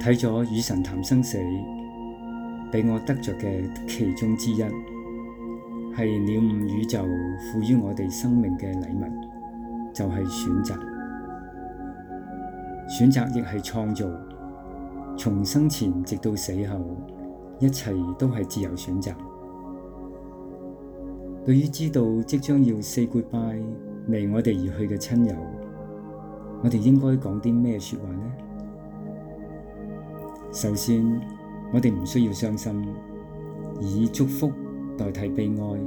睇咗與神談生死，俾我得着嘅其中之一，係了悟宇宙賦予我哋生命嘅禮物，就係、是、選擇。選擇亦係創造。從生前直到死後，一切都係自由選擇。對於知道即將要 Say Goodbye 離我哋而去嘅親友，我哋應該講啲咩說話呢？首先，我哋唔需要傷心，以祝福代替悲哀，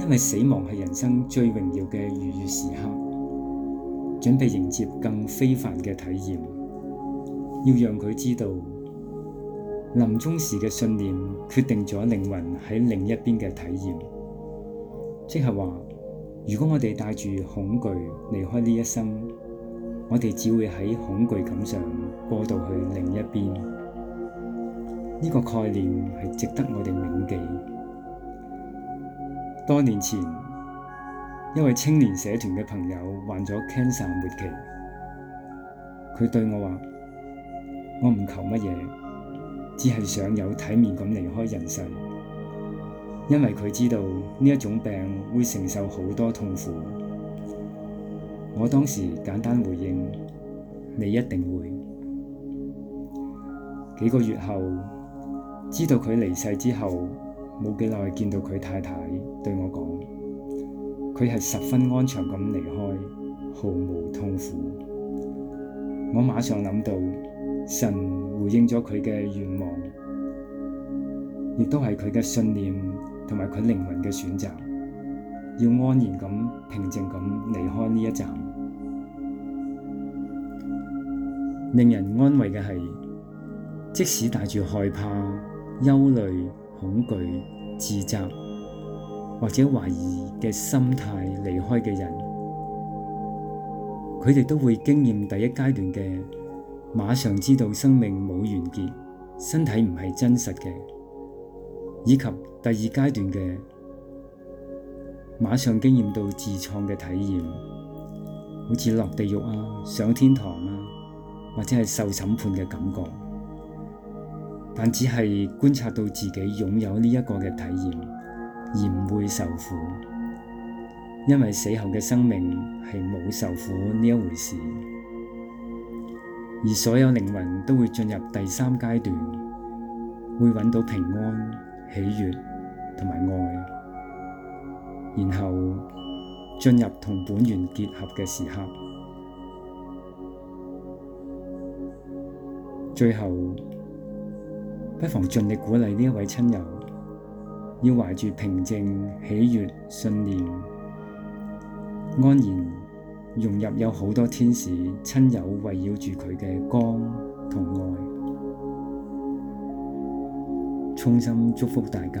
因為死亡係人生最榮耀嘅愉悦時刻，準備迎接更非凡嘅體驗。要讓佢知道，臨終時嘅信念決定咗靈魂喺另一邊嘅體驗，即係話。如果我哋帶住恐懼離開呢一生，我哋只會喺恐懼感上過渡去另一邊。呢、這個概念係值得我哋銘記。多年前，一位青年社團嘅朋友患咗 cancer 末期，佢對我話：我唔求乜嘢，只係想有體面咁離開人世。因為佢知道呢一種病會承受好多痛苦，我當時簡單回應，你一定會。幾個月後，知道佢離世之後，冇幾耐見到佢太太對我講，佢係十分安詳咁離開，毫無痛苦。我馬上諗到，神回應咗佢嘅願望，亦都係佢嘅信念。同埋佢靈魂嘅選擇，要安然咁、平靜咁離開呢一站。令人安慰嘅係，即使帶住害怕、憂慮、恐懼、自責或者懷疑嘅心態離開嘅人，佢哋都會經驗第一階段嘅，馬上知道生命冇完結，身體唔係真實嘅。以及第二階段嘅，馬上經驗到自創嘅體驗，好似落地獄啊、上天堂啊，或者係受審判嘅感覺，但只係觀察到自己擁有呢一個嘅體驗，而唔會受苦，因為死後嘅生命係冇受苦呢一回事，而所有靈魂都會進入第三階段，會揾到平安。喜悅同埋愛，然後進入同本源結合嘅時刻。最後，不妨盡力鼓勵呢一位親友，要懷住平靜、喜悅、信念、安然融入，有好多天使親友圍繞住佢嘅光同愛。衷心祝福大家。